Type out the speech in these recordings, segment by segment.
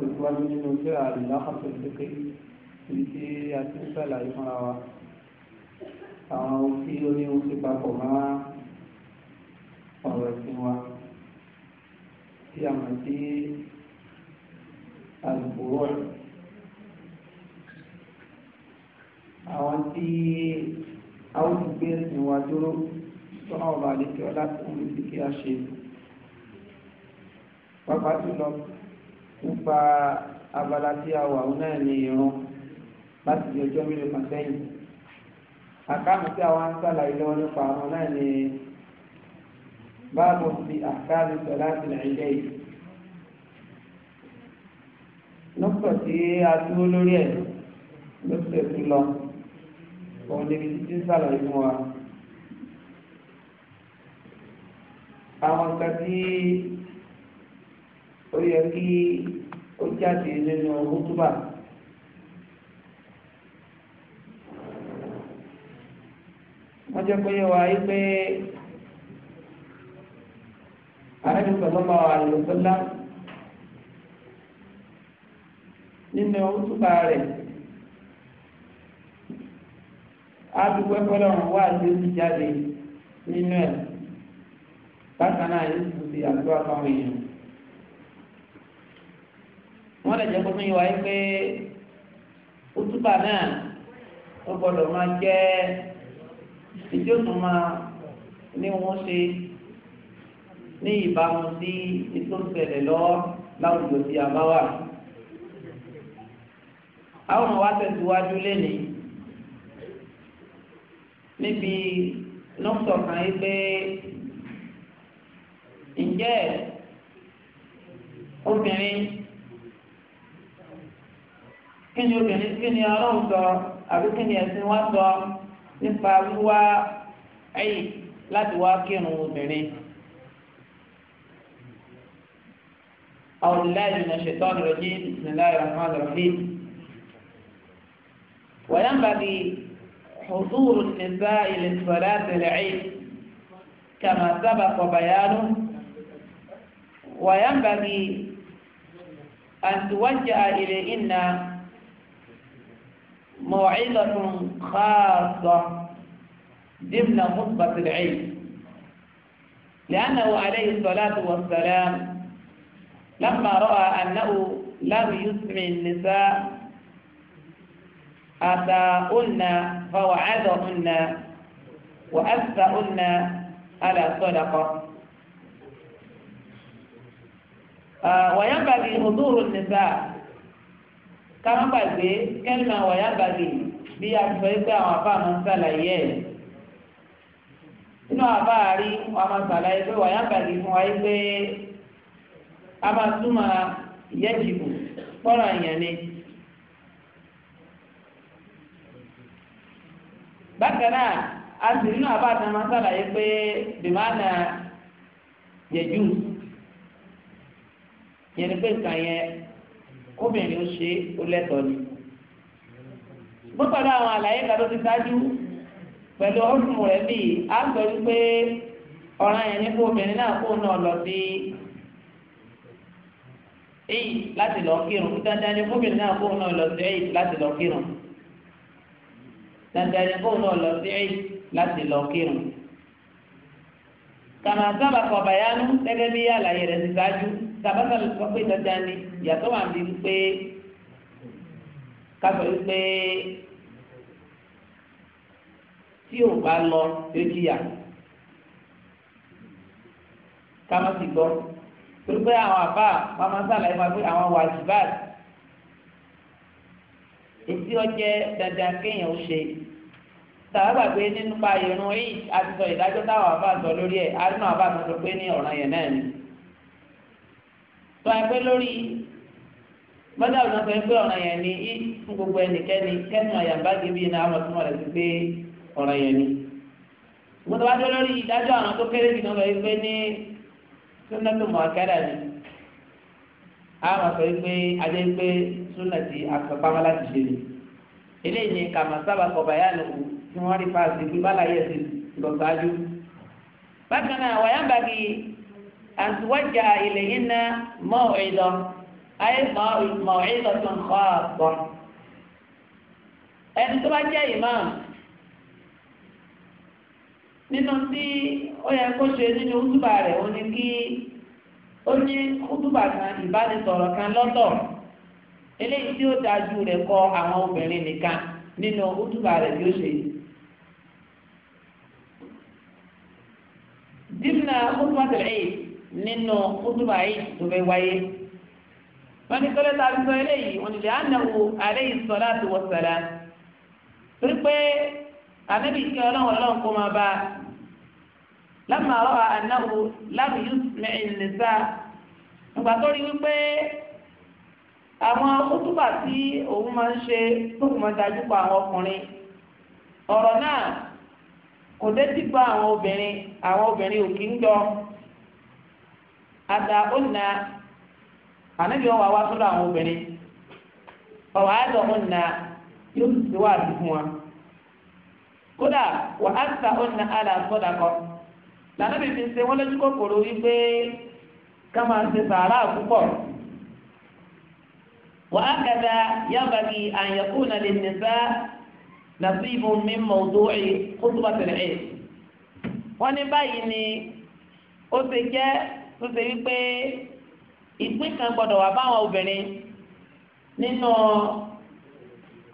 tẹ̀síwájú nínú iṣẹ́ àdìlá pàtẹ́kẹ́ ibi tí a ti ń ṣàlàyé fúnra wa àwọn ohun tí ó ní ohun ti papọ̀ mọ́ ọ̀rọ̀ ẹ̀sìn wa tí a mọ̀ sí àgbòrò rẹ̀. àwọn tí a ó ti gbé ẹ̀sìn wa dúró tọ́nà ọba àdékẹ́ ọlá tó ń lò sí kí a ṣe pàápàá jùlọ nípa abala tí a wà òun náà ní irun láti di ọjọ́ mélòó kan sẹ́yìn àkáàmù tí àwọn aṣàlàyé lọ́wọ́ nípa àwọn náà ní báàbò fi àkáàmù sọ̀lá ti nàìjíríà yìí lọ́pọ̀ tí a dúró lórí ẹ̀ lọ́sẹ̀ tó lọ òun níbi títí sàlàyé fún wa àwọn kan tí ó yẹ kí ó jáde nínú hútúbà. wọ́n jẹ́ pé wá yí pé àrẹ́bí sọ̀lọ́mọ àlùsọ́lá nínú hútúbà rẹ̀ adúgbò ẹ̀fọ́lọ́run wà ní oṣù jáde nínú ẹ̀ bákan náà yóò tún fi àdúrà fáwọn èèyàn wọ́n lè jẹ́ kó fún yín wáyé pé kútúbà náà ó gbọ́dọ̀ máa jẹ́ ìdí òtún máa ní wọ́n ṣe ní ìbámu sí ètò ìṣẹ̀lẹ̀ lọ́wọ́ láwùjọ tí a bá wà. àwọn ọmọ wa tẹ̀síwájú lénìí níbi lọ́sọ̀ kan yìí pé ǹjẹ́ obìnrin kí ni obìnrin kí ni ọlọ́run sọ àbí kí ni ẹ̀sìn wa sọ nípa wíwá ẹ̀yìn láti wá kírun obìnrin. أعوذ بالله من الشيطان الرجيم بسم الله الرحمن الرحيم وينبغي حضور النساء لصلاة العيد كما سبق بيانه وينبغي أن توجه إليهن موعظة خاصة ضمن خطبة العيد لأنه عليه الصلاة والسلام لما رأى أنه لم يسمع النساء أتاهن فوعظهن وأفتهن على صدقة وينبغي حضور النساء kárámbà gbé kẹ́lìmà wàyà bàgì bí a sọ pé àwọn afá máa ń ṣàlàyé ẹ̀. nínú àbá rí wọn máa ṣàlàyé pé wàyà fún wa pé a máa túmọ̀ yẹ́jìbù fọ́nà èèyàn ni. bákan náà a sì nínú àbá àti máa ṣàlàyé pé bìmánà yẹjú yẹn ni pé nǹkan yẹn kóbìnrin ó ṣe ó lẹ́tọ̀ọ́ ni. ṣùgbọ́n pẹ̀lú àwọn àlàyé kan tó ti ṣáájú pẹ̀lú ọdún rẹ̀ bíi a sọ wípé ọ̀ràn yẹn ní kóbìnrin náà kó náà lọ sí èyí láti lọ kírun dandan ni kóbìnrin náà kó náà lọ sí èyí láti lọ kírun dandan ni kó náà lọ sí èyí láti lọ kírun. kàmá sábà kọ̀ bàyánú gẹ́gẹ́ bí àlàyé rẹ̀ ti ṣáájú tàbátà lè sọ pé dandan ni ìyàtọ̀ wà ní wípé kásọ̀ wípé tí ò bá lọ ejìyà ká má sì gbọ́ torí pé àwọn àbá wọn máa ń sàlàyé wọn pé àwọn wàjibáàt èsì ọjẹ dandan kéèyàn ó ṣe tàbá pé nínú pa irun yìí àti sọ ìdájọ́ táwọn àbá sọ lórí ẹ̀ àdúnà àbá sọ pé ní ọ̀ràn yẹn náà ni tó a pé lórí gbọ́dọ̀ àwọn ọ̀nà pé ọ̀ràn yẹn ni í fún gbogbo ẹnikẹ́ni kẹ́sùn àyàmbá ti bí iná àwọn ọ̀túnmọ̀ rẹ̀ ti pé ọ̀ràn yẹn ni. gbọ́dọ̀ wá dé lórí ìdájọ́ àwọn tó kéré jù náà wọ́n pé ní sunnatu mu'akkada ni àwọn sọ pé adé pé sunnati àkọ́pamọ́ láti ṣe ni. eléyìí ni kàmá sábà kọ̀ báyà lò kù tí wọ́n rí fáàsì pé láyé ẹ̀sìn lọ sáájú. bákan náà wàyà ń bàbí أن توجه إليهن موعظة أي موعظة خاصة ẹni tó bá jẹ́ imam nínú tí ó yẹ kó ṣe nínú kútùbà rẹ̀ ó ní kí ó ní kútùbà kan ìbánisọ̀rọ̀ kan lọ́tọ̀ eléyìí tí ó dájú rẹ̀ kọ àwọn obìnrin nìkan nínú kútùbà rẹ̀ tí ó ṣe yìí. dimna kútùbà tẹ̀lé yìí nínú kútùbà yìí tó fẹ́ wáyé wọ́n ní sọ́lá tàbí sọ eléyìí wọ́n ní lè ànáwó àléyìí sọ́lá tó wọ́n sọ́lá torí pé ànábì kí ọlọ́run ọlọ́run kó máa bá a lámà rọ́ ànáwó lámì yóò mẹ́rin nìsa ìgbà tó rí wípé àwọn kútùbà tí òun máa ń ṣe tó kù máa dájú pa àwọn ọkùnrin ọ̀rọ̀ náà kò dé ti gba àwọn obìnrin àwọn obìnrin ò kí ń jọ àtà ọ̀nà ànábì wọn wà wá sọ́dọ̀ àwọn obìnrin ọ̀wà àtọ̀ ọ̀nà yóò ti wá àti fún wa kódà wà á ta ọ̀nà àlà sọ́dà kọ́ lànàbì ṣe wọ́n lójú kòkòrò wípé ká ṣe sàárà púpọ̀ wà á kàdà yábàgì àyẹ̀kú nà lè nìfà nàbíbu mi mọ̀ọ́dúnrì kó tó bá tẹ̀lé ẹ̀ wọ́n ní báyìí ni ó ti jẹ́ tó ṣe wípé ìpín kan gbọ́dọ̀ wà báwọn obìnrin nínú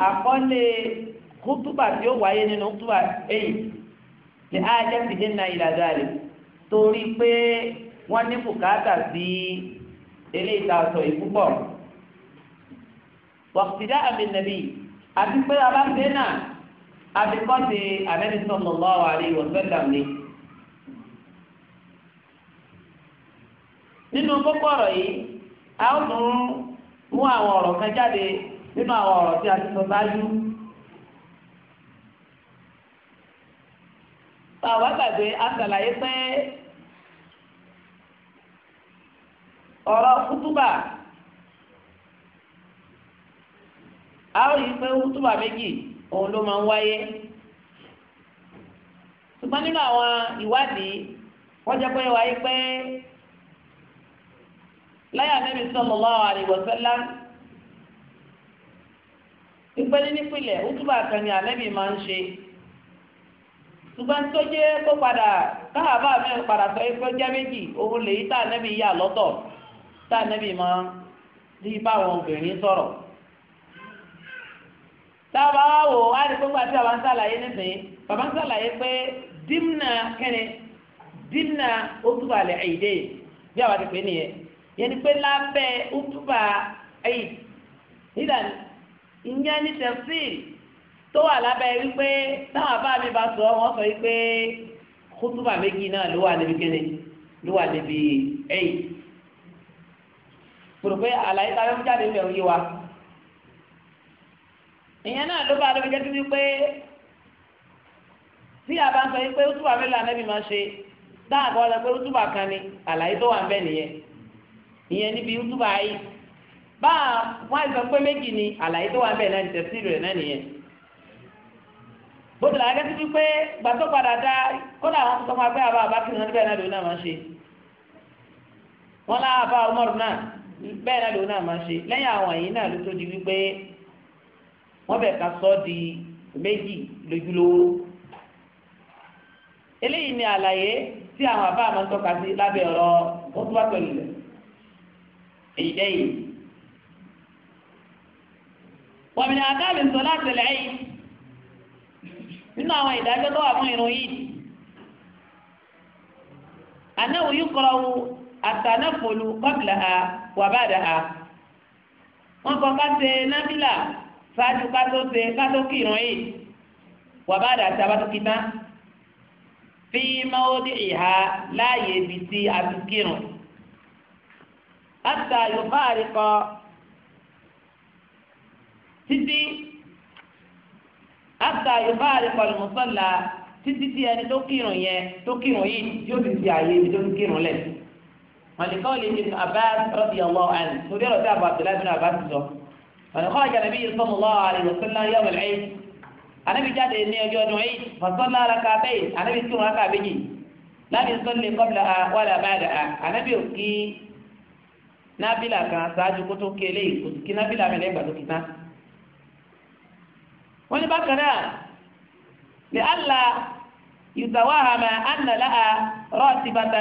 àkọlé kútùbà tí ó wáyé nínú kútùbà èyí ní ààjẹ fìdí ńlá ìlàjà rẹ torí pé wọn ní bùkátà sí eléyìí tá a sọ yìí púpọ̀ wàkùtìdá àmì nàbí àti pé abáṣe náà àfikọ́ ti àmẹ́bí sallallahu alaihi nínú gbogbo ọ̀rọ̀ yìí a ó tún mú àwọn ọ̀rọ̀ kan jáde nínú àwọn ọ̀rọ̀ tí a ti sọ ṣáájú. báwa a pé ọ̀rọ̀ kútúbà a ó rí pé kútúbà méjì òun ló máa ń wáyé láyà Ànábì sallallahu alaihi wasallam ìpele nípìnlẹ̀ útúbà kan ni Ànábì máa ń ṣe ṣùgbọ́n tó jẹ́ kó padà káàbà mẹ́rin padà sọ pé jẹ́ méjì òun lèyí tá Ànábì yà lọ́tọ̀ tá Ànábì máa ń rí báwọn obìnrin sọ̀rọ̀ tábà wò á rí pé gbàtí bàbá ń sàlàyé nísìnyí bàbá ń sàlàyé pé dimna kẹ́ni dimna útúbà lẹ̀ ẹ̀yìn dé bí ti pè é nìyẹn yẹni pé lábẹ́ utuba eid nídàá ìyẹn ní tẹ̀síìl tó wà lábẹ́ wípé táwọn bá mi bá sọ wọ́n sọ wípé kútúbà méjì náà ló wà níbi kéde ló wà níbi eid pòròpé àlàyé tá a fẹ́ jáde ń bẹ̀rù yé wa ìyẹn náà ló bá a lọ fi jẹ́ títí pé tí a bá ń sọ wípé utuba mélòó ànábì máa ṣe táwọn àgbà pé utuba kan ni àlàyé tó wà ń bẹ̀ nìyẹn ìyẹn níbi yútúbà yìí bá wọn sọ pé méjì ni àlàyé tó wà ń bẹ̀ náà ní tẹ̀sí rẹ̀ náà nìyẹn bóbi làwọn akẹ́kọ̀ọ́ pé gbàtọ́ padà dá kódà àwọn tó máa gbé àbá àbákiri náà bẹ́ẹ̀ náà lòun náà máa ń ṣe wọn lá àbá ọmọrùn náà bẹ́ẹ̀ náà lòun náà máa ń ṣe lẹ́yìn àwọn yìí náà ló tó di wípé wọ́n bẹ̀ ká sọ́ di méjì lójúlówó eléyìí ni àlàyé tí àwọn àbá àmọ́ sí lábẹ́ ọ̀rọ̀ wọ́n tún wá pẹ̀lú rẹ̀ العيدين ومن آداب صلاة العيد nínú àwọn ìdájọ́ tó wà fún irun yìí anáwó yìí kọ́ra wo àtànáfòlù kọ́bìlà ha wà bá dà ha wọ́n kọ́ ká ṣe nábìlà ṣáájú ká tó ṣe ká tó kí irun yìí wà bá dà tá a bá tó kí tán fi máa ó dé ìhà láàyè ibi tí a ti kírun àtà yorùbá àríkọ títí àtà yorùbá àríkọ lùmùsọ̀là títí tí ẹni tó kírun yẹn tó kírun yìí yóò ti di àyè ibi tó ti kírun lẹ̀ mọ̀lẹ́kọ́ lè ní Abbas radiyallahu anhu torí ọ̀rọ̀ tí àbọ̀ Abdullahi bin Abbas sọ mọ̀lẹ́kọ́ àjànà bí yìí sallallahu alaihi wasallam yawm al-Eid anabi jáde ní ọjọ́ ọdún Eid fasọ́lá alákàbẹ́yì anabi kírun alákàbẹ́yì láti sọ́lé qabla wàlà ba'da anabi òkì nábìlà kan ṣáájú kó tó ké eléyìí kò sí kí nábìlà mi lẹ́gbàá tó kìtá. wọ́n ní bákan náà lè àlà ìtàwáhàmà ànàlá à rọ́ọ̀tì bàtà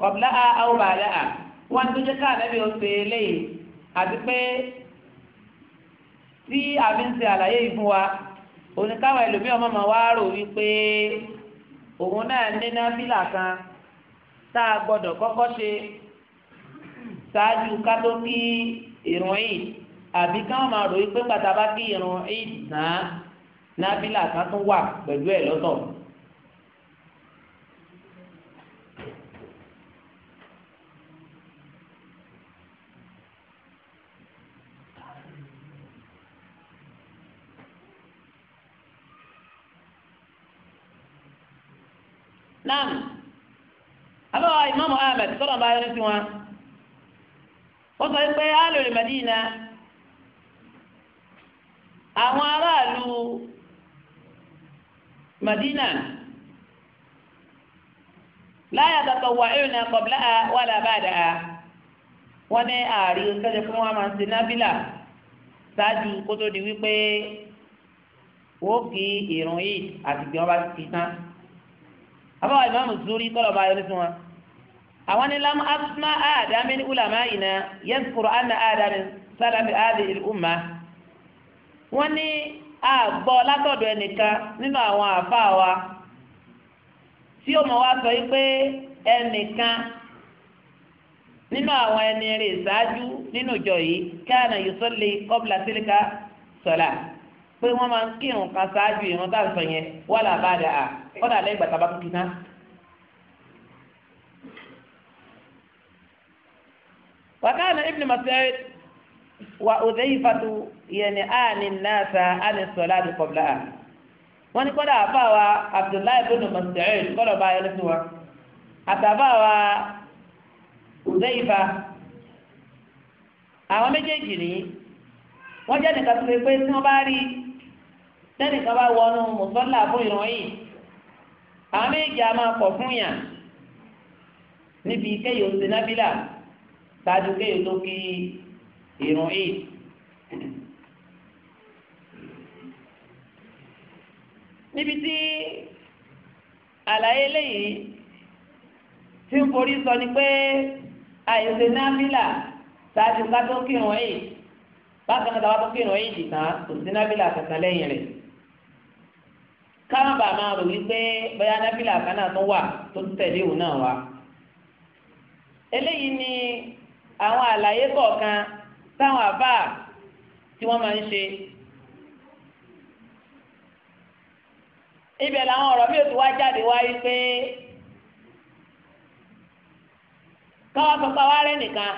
kọ̀bìlà à àwòbàlà à wọ́n ní tó jẹ́ káà lẹ́bi ọ̀sẹ̀ eléyìí àti pé tí a fi wa oníkàwé ẹlòmíì ọmọ òun náà ní nábìlà kan tá a gbọ́dọ̀ kọ́kọ́ ṣe ṣáájú ká tó kí ìrun eid àbí káwọn máa ròyìn pé pàtàkì kí ìrun eid náà nábìlà kan tún wà pẹ̀lú ẹ̀ lọ́tọ̀. naam imaamu ahmed wọn. ó sọ pé alòlè Madina àwọn aráàlú Madina láyà tàtọ̀ wà ìrìnà kọ̀bílà wà lábàdà wọ́n ní ààrí kẹ́jọ fún wa máa ń ṣe nábìlà ṣáájú kó tó di wípé wọ́n kì í yìí àti bí bá ti tán. àbáwọ̀ ìmáàmù Zuri kọ́lọ̀ bá yọrí sí wọn àwọn ni lam asma aadami ni ulama ina yẹn kuru ana aadami salafi aadi iluma wọn ni a gbọ́ látọ̀dọ̀ ẹnìkan nínú àwọn àfa wa tí ó mọ wá sọ yìí pé ẹnìkan nínú àwọn ẹni rè ṣáájú nínú ìjọ yìí kana yusalli qabla sílíkà sọlá pé wọn máa ń kírun kan ṣáájú ìrun tá a sọ yẹn wala ba'da à kọ́dà lẹ́yìn gbàtà bá tó kí náà. وكان ابن مسعود وأذيفة ينهان الناس عن الصلاة قبلها wọ́n ní kọ́dà àbáwa abdullahi bin mas'ud kọ́dà bá yọ lẹ́sìn wa àtàbáwa uzeifa àwọn méjèèjì ní wọ́n jẹ́ nìkan tó lè pé tí wọ́n bá rí tẹ́nìkan bá wọnú mùsọ́lá fún ìrun yìí àwọn méjèèjì a máa pọ̀ fún yàn níbi kéyìí òsínàbílà ṣáájú kéèyàn tó kí irun eid níbi tí àlàyé lẹ́yìn tí ń forí sọ ni pé àìsè náfìlà ṣáájú ká tó kírun eid bákan náà táwa tó kírun eid tán kò sí náfìlà kankan lẹ́yìn rẹ̀ káwọn bàa máa rò wípé bóyá náfìlà kan náà tó wà tó tẹ̀lé òun náà wá eléyìí ni àwọn àlàyé kọ̀ọ̀kan táwọn àbá tí wọ́n máa ń ṣe. ibẹ̀ làwọn ọ̀rọ̀ mi ò ti wá jáde wáyé pé káwá sọ pé àwa rẹ̀ nìkan.